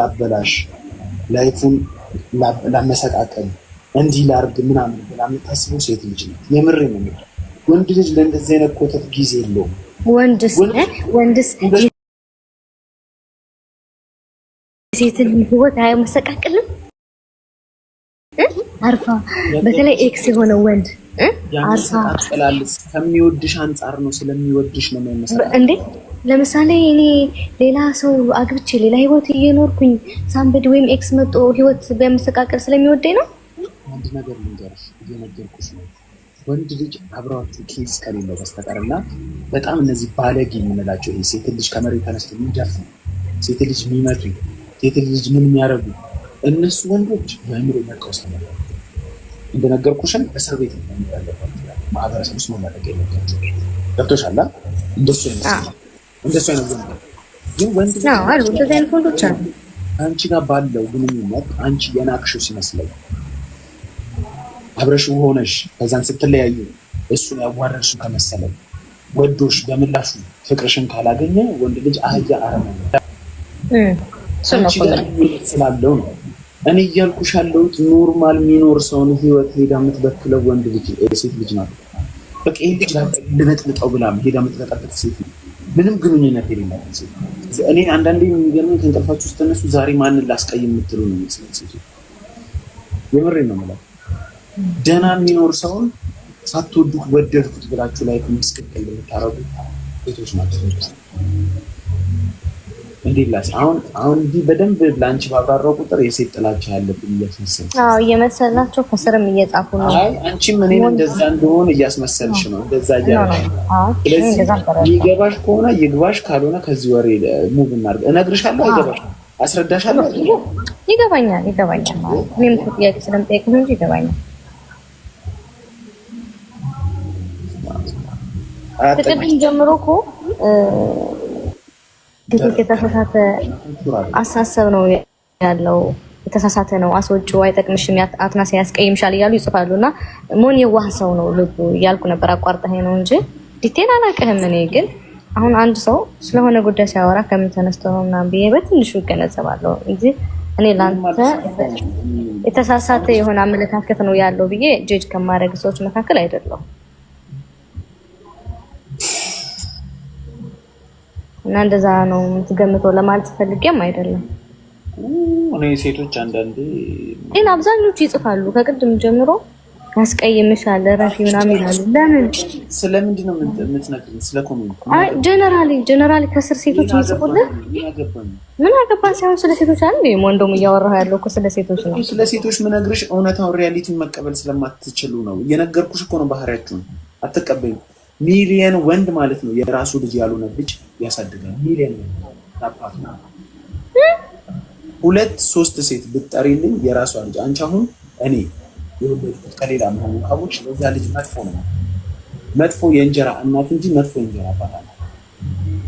ላበላሽ፣ ላይፉን ላመሰቃቀል፣ እንዲህ ላርግ ምናምን ብላ የምታስበው ሴት ልጅ ናት። የምር ነው። ወንድ ልጅ ለእንደዚህ አይነት ኮተት ጊዜ የለውም። ወንድስ ሴትን ህይወት አያመሰቃቅልም። አርፋ በተለይ ኤክስ የሆነ ወንድ አርፋ ከሚወድሽ አንጻር ነው ስለሚወድሽ ነው የሚመስለው እንዴ ለምሳሌ እኔ ሌላ ሰው አግብቼ ሌላ ህይወት እየኖርኩኝ ሳምበድ ወይም ኤክስ መጦ ህይወት በመሰቃቀል ስለሚወደኝ ነው። አንድ ነገር ልንገርሽ፣ እየነገርኩሽ ነው። ወንድ ልጅ አብረዋችሁ ኬዝ ከሌለው በስተቀር እና በጣም እነዚህ ባለጌ የምንላቸው ይሄ ሴት ልጅ ከመሬት ተነስቶ የሚደፍኑ ሴት ልጅ የሚመቱ ሴት ልጅ ምን የሚያደርጉ እነሱ ወንዶች የአእምሮ መቃወስ አለ። እንደነገርኩሽን እስር ቤት ነው የሚጠለባቸው ማህበረሰብ ውስጥ መመረቅ የለባቸው ገብቶሻል። እንደሱ ይመስላል እንደሱ አይነት ነበር። ግን ወንድ ነው አሉ እንደዚህ አይነት ወንዶች አሉ። አንቺ ጋር ባለው ግንኙነት አንቺ የናቅሽው ሲመስለኝ አብረሽው ሆነሽ ከዛን ስትለያዩ እሱን ያዋረድሽው ከመሰለኝ ወዶሽ በምላሹ ፍቅርሽን ካላገኘ ወንድ ልጅ አህያ አረመኔ ስላለው ነው። እኔ እያልኩሽ ያለሁት ኖርማል የሚኖር ሰውን ህይወት ሄዳ የምትበክለው ወንድ ልጅ ሴት ልጅ ናት። በቃ ይህ ልጅ ልበጥብጠው ብላም ሄዳ የምትበጣበት ሴት ነው። ምንም ግንኙነት የሌላት እኔ አንዳንዴ የሚገርመኝ ከእንቅልፋችሁ ተነሱ ዛሬ ማንን ላስቀይ የምትሉ ነው ሚስለት የምሬ ነው የምለው። ደህና የሚኖር ሰውን ሳትወዱት ወደድኩት ብላችሁ ላይ ምስቅቅል የምታረጉ ቤቶች ናቸው። እንዴት ላስ አሁን አሁን እንዲህ በደንብ ለአንቺ ባብራራው ቁጥር የሴት ጥላቻ ያለብን እያስመሰል አዎ፣ እየመሰላቸው ከስርም እየጻፉ ነው። አንቺም እኔን እንደዛ እንደሆን እያስመሰልሽ ነው፣ እንደዛ እያ ስለዚህ ይገባሽ ከሆነ ይግባሽ፣ ካልሆነ ከዚህ ወሬ ሙቭ እናድርግ። እነግርሻለሁ፣ አይገባሽ፣ አስረዳሻለሁ። ይገባኛል፣ ይገባኛል። እኔም ጥያቄ ስለምጠይቅ እንጂ ይገባኛል። ከቅድም ጀምሮ እኮ ትልቅ የተሳሳተ አሳሰብ ነው ያለው የተሳሳተ ነው አስወጪው አይጠቅምሽም፣ አትናስ ያስቀይምሻል እያሉ ይጽፋሉ። እና ሞን የዋህ ሰው ነው ልቡ እያልኩ ነበር። አቋርጠህ ነው እንጂ ዲቴል አላውቅህም። እኔ ግን አሁን አንድ ሰው ስለሆነ ጉዳይ ሲያወራ ከምን ተነስቶ ነው ምናምን ብዬ በትንሹ ይገነዘባለሁ እንጂ እኔ ለአንተ የተሳሳተ የሆነ አመለካከት ነው ያለው ብዬ ጀጅ ከማድረግ ሰዎች መካከል አይደለሁም። እና እንደዛ ነው የምትገምተው ለማለት ፈልጌም አይደለም። እኔ ሴቶች አንዳንዴ ግን አብዛኞቹ ይጽፋሉ ከቅድም ጀምሮ ያስቀይምሻል ረፊ ምናምን ይላሉ። ለምን ስለምንድን ነው የምትነግሪኝ? ስለ ኮሜንት ጀነራሊ ጀነራሊ ከስር ሴቶች የሚጽፉልን ምን አገባን ሳይሆን ስለ ሴቶች አለ ወይም ወንዶም እያወራሁ ያለው እኮ ስለ ሴቶች ነው። ስለ ሴቶች ምነግርሽ እውነታውን ሪያሊቲን መቀበል ስለማትችሉ ነው። እየነገርኩሽ እኮ ነው። ባህሪያችሁን አትቀበይም ሚሊየን ወንድ ማለት ነው የራሱ ልጅ ያልሆነ ልጅ ያሳድጋል። ሚሊየን ወንድ አባት ነው። ሁለት ሶስት ሴት ብትጠሪልኝ የራሷ ልጅ አንቺ አሁን እኔ የወለድኩት ከሌላ መሆኑ ካቦች ለዛ ልጅ መጥፎ ነው። መጥፎ የእንጀራ እናት እንጂ መጥፎ የእንጀራ አባት ነው።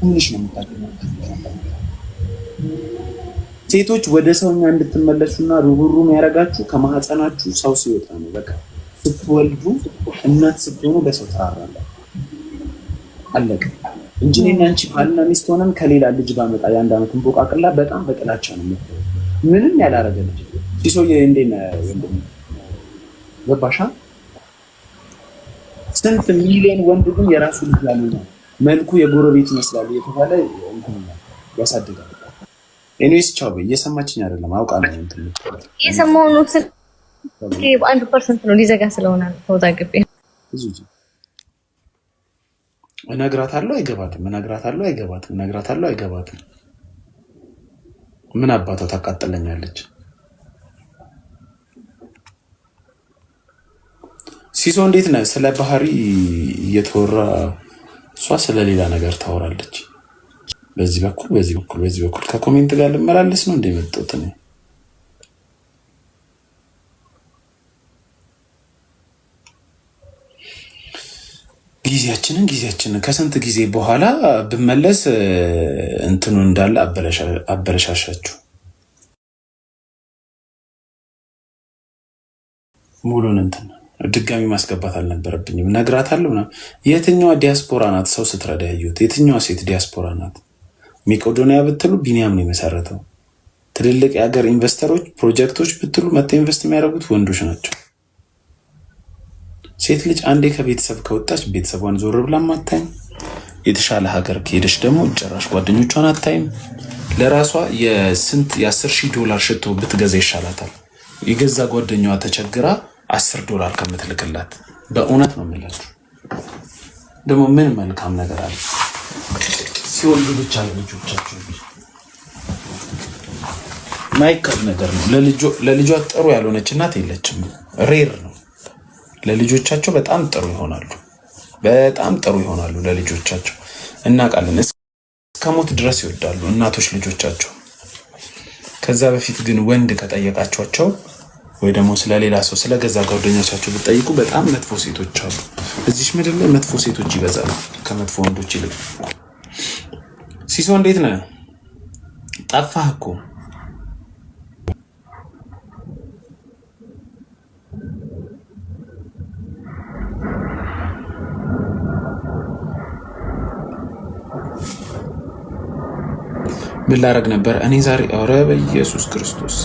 ትንሽ ነው የምታገኘው። ሴቶች ወደ ሰውኛ እንድትመለሱና ሩሩም ያደረጋችሁ ከማህፀናችሁ ሰው ሲወጣ ነው። በቃ ስትወልዱ እናት ስትሆኑ በሰው ተራራለ አለቀ እንጂ እኔና አንቺ ባልና ሚስት ሆነን ከሌላ ልጅ ባመጣ የአንድ ዓመት እንቦቃቅላ በጣም በጥላቻ ነው። ምንም ያላረገ ልጅ ሲሶዬ እንዴ ነው ገባሻ? ስንት ሚሊዮን ወንድ ግን የራሱ ልጅ ያለው መልኩ የጎረቤት ይመስላል እየተባለ ያሳድጋል። ኤኒዌይስ ቻው በይ። እየሰማችኝ አይደለም አውቃ ነው የሰማውን አንድ ፐርሰንት ነው ሊዘጋ ስለሆነ ነው ተወዛግቤ እነግራታለሁ አይገባትም፣ እነግራታለሁ አይገባትም፣ እነግራታለሁ አይገባትም። ምን አባቷ ታቃጥለኛለች? ሲሶ እንዴት ነህ? ስለ ባህሪ እየተወራ እሷ ስለሌላ ነገር ታወራለች። በዚህ በኩል በዚህ በኩል በዚህ በኩል ከኮሜንት ጋር ልመላለስ ነው እንደመጣሁት ነው። ጊዜያችንን ጊዜያችንን ከስንት ጊዜ በኋላ ብመለስ እንትኑ እንዳለ አበለሻሻችሁ። ሙሉን እንትን ድጋሚ ማስገባት አልነበረብኝም። ነግራታለሁ። የትኛዋ ዲያስፖራ ናት ሰው ስትረዳ ያዩት? የትኛዋ ሴት ዲያስፖራ ናት? ሜቄዶኒያ ብትሉ ቢኒያም ነው የመሰረተው። ትልልቅ የሀገር ኢንቨስተሮች ፕሮጀክቶች ብትሉ መተው ኢንቨስት የሚያደርጉት ወንዶች ናቸው። ሴት ልጅ አንዴ ከቤተሰብ ከወጣች ቤተሰቧን ዞር ብላ አታይም። የተሻለ ሀገር ከሄደች ደግሞ ጭራሽ ጓደኞቿን አታይም። ለራሷ የስንት የአስር ሺህ ዶላር ሽቶ ብትገዛ ይሻላታል የገዛ ጓደኛዋ ተቸግራ አስር ዶላር ከምትልክላት። በእውነት ነው የምላችሁ። ደግሞ ምን መልካም ነገር አለ ሲወልዱ ብቻ ለልጆቻቸው ማይካድ ነገር ነው። ለልጇ ጥሩ ያልሆነች እናት የለችም። ሬር ነው። ለልጆቻቸው በጣም ጥሩ ይሆናሉ። በጣም ጥሩ ይሆናሉ ለልጆቻቸው እናውቃለን። እስከ ሞት ድረስ ይወዳሉ እናቶች ልጆቻቸው። ከዛ በፊት ግን ወንድ ከጠየቃቸቸው ወይ ደግሞ ስለሌላ ሰው ስለገዛ ጓደኞቻቸው ብትጠይቁ በጣም መጥፎ ሴቶች አሉ። እዚሽ ምድር ላይ መጥፎ ሴቶች ይበዛሉ ከመጥፎ ወንዶች ይልቅ። ሲሶ እንዴት ነህ? ጠፋህ እኮ ምን ላደርግ ነበር እኔ ዛሬ? ኧረ በኢየሱስ ክርስቶስ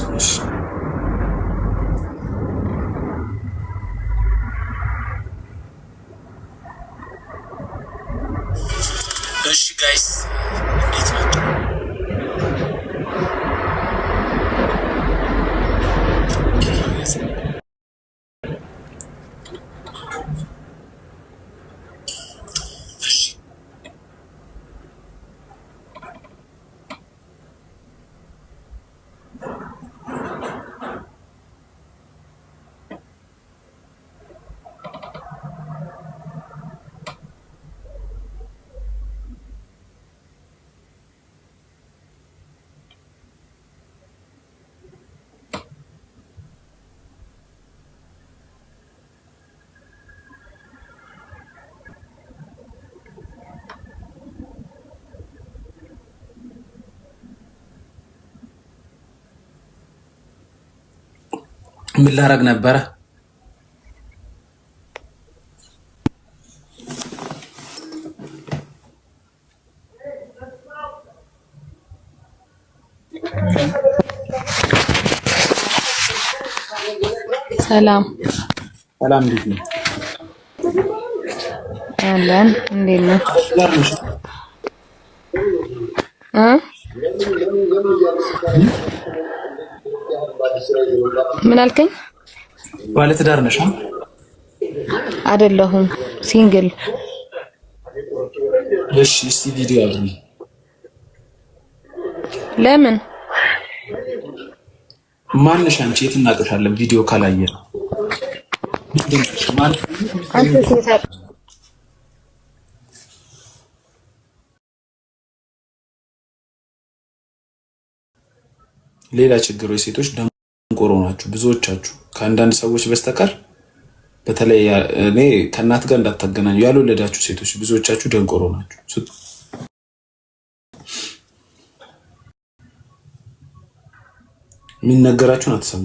ምን ላረግ ነበረ? ሰላም ሰላም፣ እንዴት ነው? አለን እንዴት ነው? ምን አልከኝ? ባለትዳር ነሽ? አይደለሁም፣ ሲንግል። እሺ፣ እስቲ ቪዲዮ አብኝ። ለምን ማንሽ? አንቺ የት እናውቅሻለን? ቪዲዮ ካላየ ሌላ ችግሮች ሴቶች ደንቆሮ ናችሁ ብዙዎቻችሁ ከአንዳንድ ሰዎች በስተቀር በተለይ እኔ ከእናት ጋር እንዳታገናኙ ያልወለዳችሁ ሴቶች ብዙዎቻችሁ ደንቆሮ ናችሁ። የሚነገራችሁን አትሰሙ።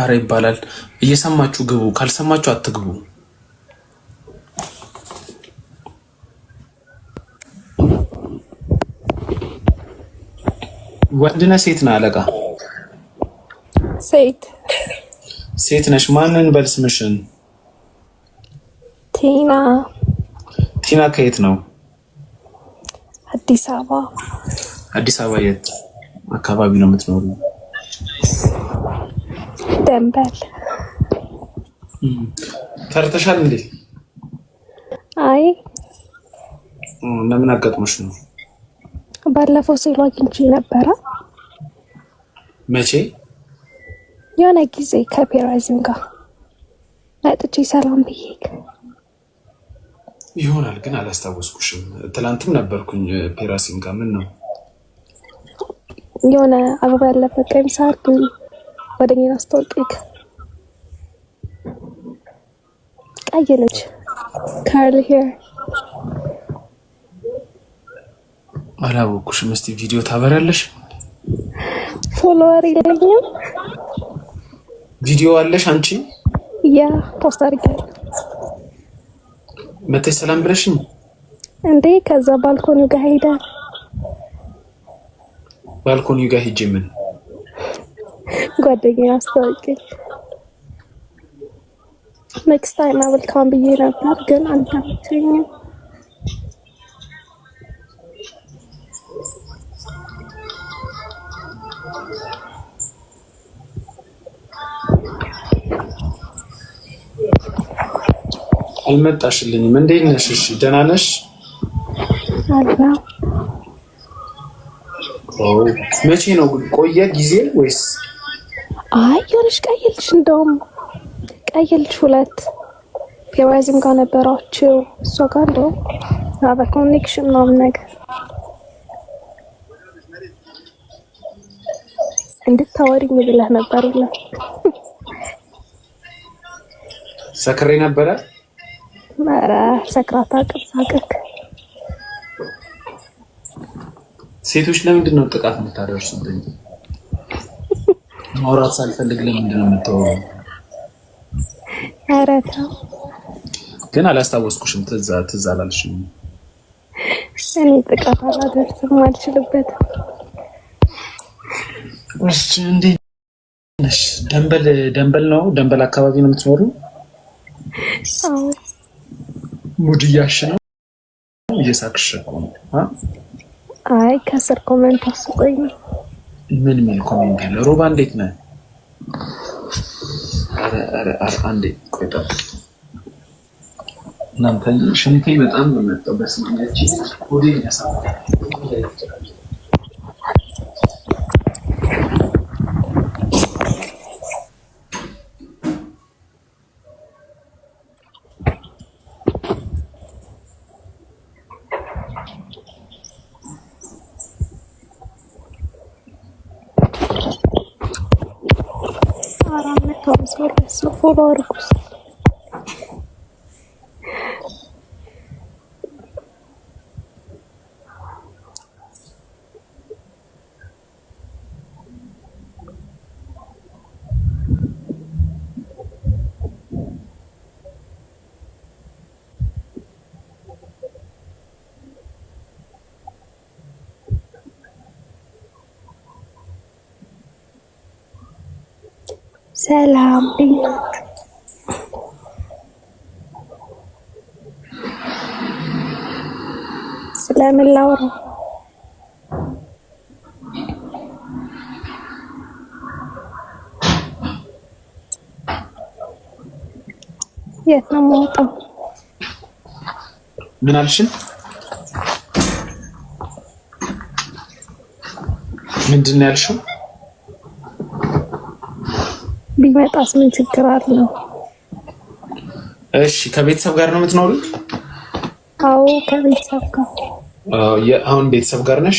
አረ ይባላል። እየሰማችሁ ግቡ፣ ካልሰማችሁ አትግቡ። ወንድነህ ሴት ነህ? አለቃ ሴት ሴት ነሽ። ማንን በል ስምሽን? ቲና ቲና። ከየት ነው? አዲስ አበባ። አዲስ አበባ የት አካባቢ ነው የምትኖሩ? ደንበል ፈርተሻል እንዴ? አይ ለምን አጋጥሞሽ ነው? ባለፈው ሲሉ አግኝቼ ነበረ። መቼ? የሆነ ጊዜ ከፔራዚም ጋር መጥቼ ሰላም ብዬ ይሆናል፣ ግን አላስታወስኩሽም። ትላንትም ነበርኩኝ ፔራሲም ጋር። ምን ነው የሆነ አበባ ያለበት ቀሚስ ጓደኛዬን አስታወቀኝ። ቀይ ነች፣ ካርል ሄር አላወኩሽም። እስቲ ቪዲዮ ታበራለሽ? ፎሎወር የለኝም። ቪዲዮ አለሽ አንቺ? ያ ፖስት አድርጊያለሁ። መተሽ ሰላም ብለሽኝ እንዴ? ከዛ ባልኮኒው ጋር ሄዳ ባልኮኒው ጋር ሄጄ ምን ጓደኛዬ አስታወቀኝ። ኔክስት ታይም አብልካም ብዬ ነበር ግን አልተመቸኝም። አልመጣሽልኝም። እንዴት ነሽ? እሺ ደህና ነሽ? መቼ ነው ቆየ ጊዜ ወይስ ትንሽ ቀይ ልጅ እንደውም ቀይ ልጅ ሁለት ፔራዚም ጋር ነበራችሁ እሷ ጋር እንደው እንደውም ኮኔክሽን ምናምን ነገር እንድታወሪኝ ብለህ ነበር ብለ ሰክሬ ነበረ። ኧረ ሰክራታ ቅብሳቅክ ሴቶች ለምንድን ነው ጥቃት የምታደርሱብኝ? ማውራት ሳልፈልግ ለምንድን ነው የምታወራው? ኧረ ተው ግን አላስታወስኩሽም። ትዝ ትዝ አላልሽም። እኔ ጥቃት አላደርስም አልችልበትም። እሺ እንዴት ነሽ? ደንበል ደንበል ነው ደንበል አካባቢ ነው የምትኖሩ? ሙድያሽ ነው እየሳቅሽ እኮ ነው። አይ ከስር ኮመንት አስቆይ ምን ምን ኮሜንት ያለ ሮባ እንዴት ነህ? አረ አንዴ ቆይታ እናንተ ሽንቴ በጣም ነው መጣው በስማኛችን ወዴ Super, super orcos. سلام بينك سلام اللورة يا نموطة ምን አልሽን? ምንድን ነው ያልሽው? ቢመጣስ ምን ችግር አለው? እሺ ከቤተሰብ ጋር ነው የምትኖሩት? አዎ ከቤተሰብ ጋር። አሁን ቤተሰብ ጋር ነሽ?